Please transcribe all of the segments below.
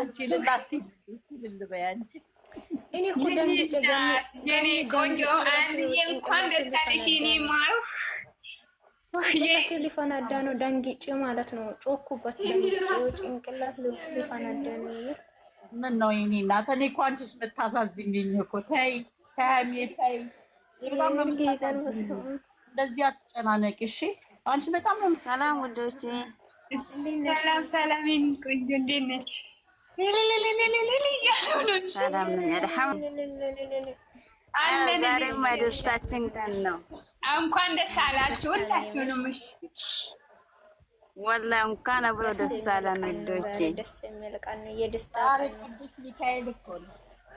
አንቺ ልላት እስቲ አንቺ እኔ እኮ ደንግጬ የኔ ቆንጆ አንዬ እንኳን ደስ አለሽ የኔ ማሩ ሊፈነዳ ነው ደንግጬ ማለት ነው። ጮኩበት ጭንቅላት ሊፈነዳ ነው። ምን ነው የኔ እናት፣ እኔ እኮ አንቺሽ የምታሳዝኝኝ እኮ ተይ ተያሜ ተይ፣ እንደዚህ አትጨናነቂ እሺ። አንቺ በጣም ሰላም ውዶች፣ ሰላም ሰላም፣ ቆንጆ እንዴት ነሽ? ዛሬማ ደስታችን ቀን ነው። እንኳን ደስ አላችሁ ሁላችሁንም። እሺ እንኳን አብሮ ደስ አለን። ወዶቼ ደስ የሚል ቀን የደስታ ቅዱስ ነው።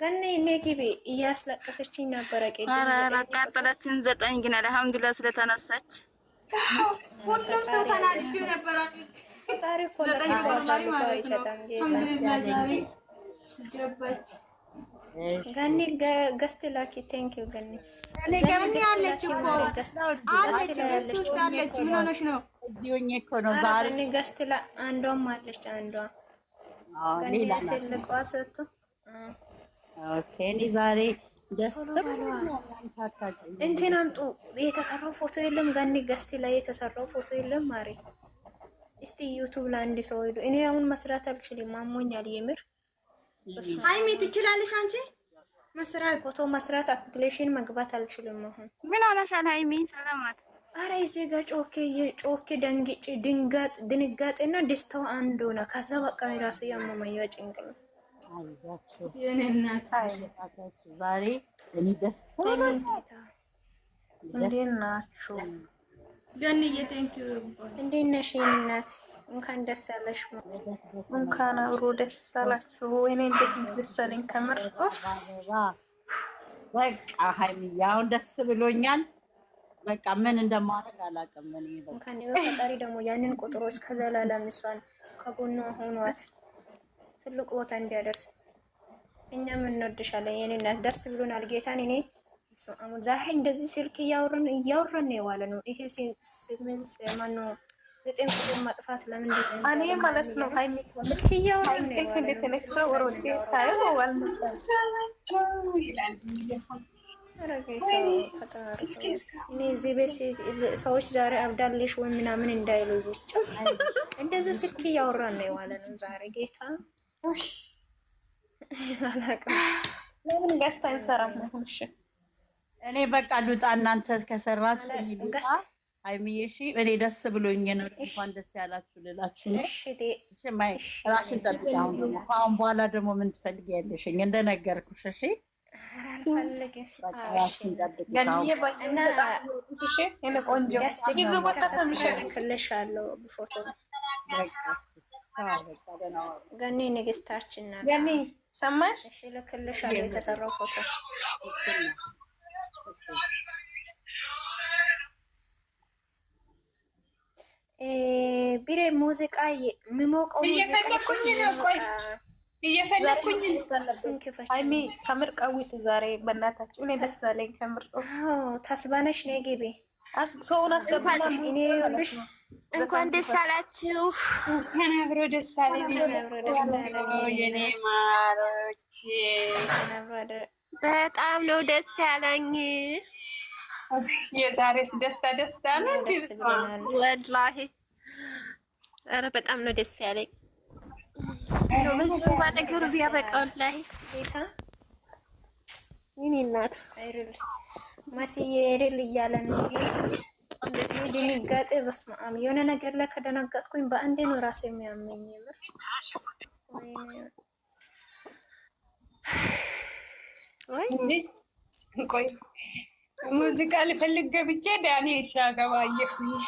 ገኒ እኔ እያስለቀሰችኝ ነበረ። ቀጠለችን ዘጠኝ ግን አልሐምዱላ ስለተነሳች ሁሉም ሰው ተናድጄ ነበረ። ፈጣሪ እኮ ገኒ ገስት ላኪ። ቴንክ ዩ ገኒ። ገኒ ያለች እኮ ገስት አለች። ምን ሆነሽ ነው? ገስት አንዷም አለች። አንዷ ገኒ ትልቋ ሰጥቶ ኦኬ እኔ ዛሬ እንትን አምጡ። የተሰራው ፎቶ የለም ጋኒ ገስቲ ላይ የተሰራው ፎቶ የለም ማሬ። እስቲ ዩቱብ ላይ አንድ ሰው ሄዱ። እኔ አሁን መስራት አልችልም፣ አሞኛል። የምር ሀይሚ ትችላለሽ አንቺ መስራት፣ ፎቶ መስራት፣ አፕሊኬሽን መግባት አልችልም። አሁን ምን አላሻል ሀይሚ ሰላማት። አረ እዚህ ጋር ጮኬ ጮኬ ደንግጬ ድንጋጤና ደስታው አንድ ሆነ። ከዛ በቃ ራሴ ያመመኛ ጭንቅ ነው አይዟችሁ፣ አይዟችሁ። ዛሬ እኔ ደስ እንዴት ናችሁ? ገንዬ ቴንኪው። እንዴት ነሽ እናት? እንኳን ደስ ያለሽ። እንኳን አብሮ ደስ አላችሁ። ወይኔ እንዴት ደስ ከምር። በቃ ሀይሚዬ አሁን ደስ ብሎኛል። በቃ ምን እንደማደርግ አላውቅም። እኔ በቃ ፈጣሪ ደግሞ ያንን ቁጥሮች ከዘላለም እሷን ከጎኗ ሆኗት ትልቅ ቦታ እንዲያደርስ እኛም እንወድሻለን የኔ እናት። ደርስ ብሎናል ጌታን። እኔ ዛሬ እንደዚህ ስልክ እያወረን እያወረን የዋለ ነው። ይሄ ስምስ ማነው ዘጠኝ ቁጥር ማጥፋት ለምንድን ነው? እኔ ማለት ነው ሀይሚ ልክ እያወራን ነው እንደተነሳው ሮጬ ሳየው ሰዎች ዛሬ አብዳለሽ ወይ ምናምን እንዳይሉ ብቻ እንደዚህ ስልክ እያወረን ነው የዋለ ነው ዛሬ ጌታ ለምን አይሰራም? እኔ በቃ ዱጣ እናንተ ከሰራችሁ ሀይሚዬ፣ እሺ እኔ ደስ ብሎኝ ነው። እንኳን ደስ ያላችሁ ልላችሁ ነው። እራሽን ጠብቂ። አሁን ደግሞ ከአሁን በኋላ ደግሞ ምን ትፈልጊያለሽ? እንደነገርኩሽ እሺ አልፈልግም ገኒ ንግስታችን ናት። ገኒ ሰማሽ? እሺ፣ ልክልሻለሁ የተሰራው ፎቶ ቢሬ ሙዚቃ የምሞቀው እየፈለኩኝ ነው። ቆይ እየፈለኩኝ አይሚ ከምር ቀዊቱ ዛሬ በእናታችሁ እኔ ደስ አለኝ። ከምር አዎ፣ ነይ ግቢ። ሰውን አስገባለሽ እኔ እንኳን ደስ አላችሁ። እንኳን አብሮ ደስ አለኝ። የኔ ማሮች በጣም ነው ደስ ያለኝ። የዛሬስ ደስታ ደስታ ነው። ወላሂ ኧረ በጣም ነው ደስ ያለኝ። ባነገሩ ቢያበቃ ወላሂ ይኔ እናት ማስዬ እልል እያለ ነው እንደዚህ ድንጋጤ በስመ አብ የሆነ ነገር ላይ ከደነገጥኩኝ በአንዴ ነው ራሴ የሚያመኝ። ምር ሙዚቃ ልፈልግ ገብቼ ዳኒ ሲያገባ አየሁኝ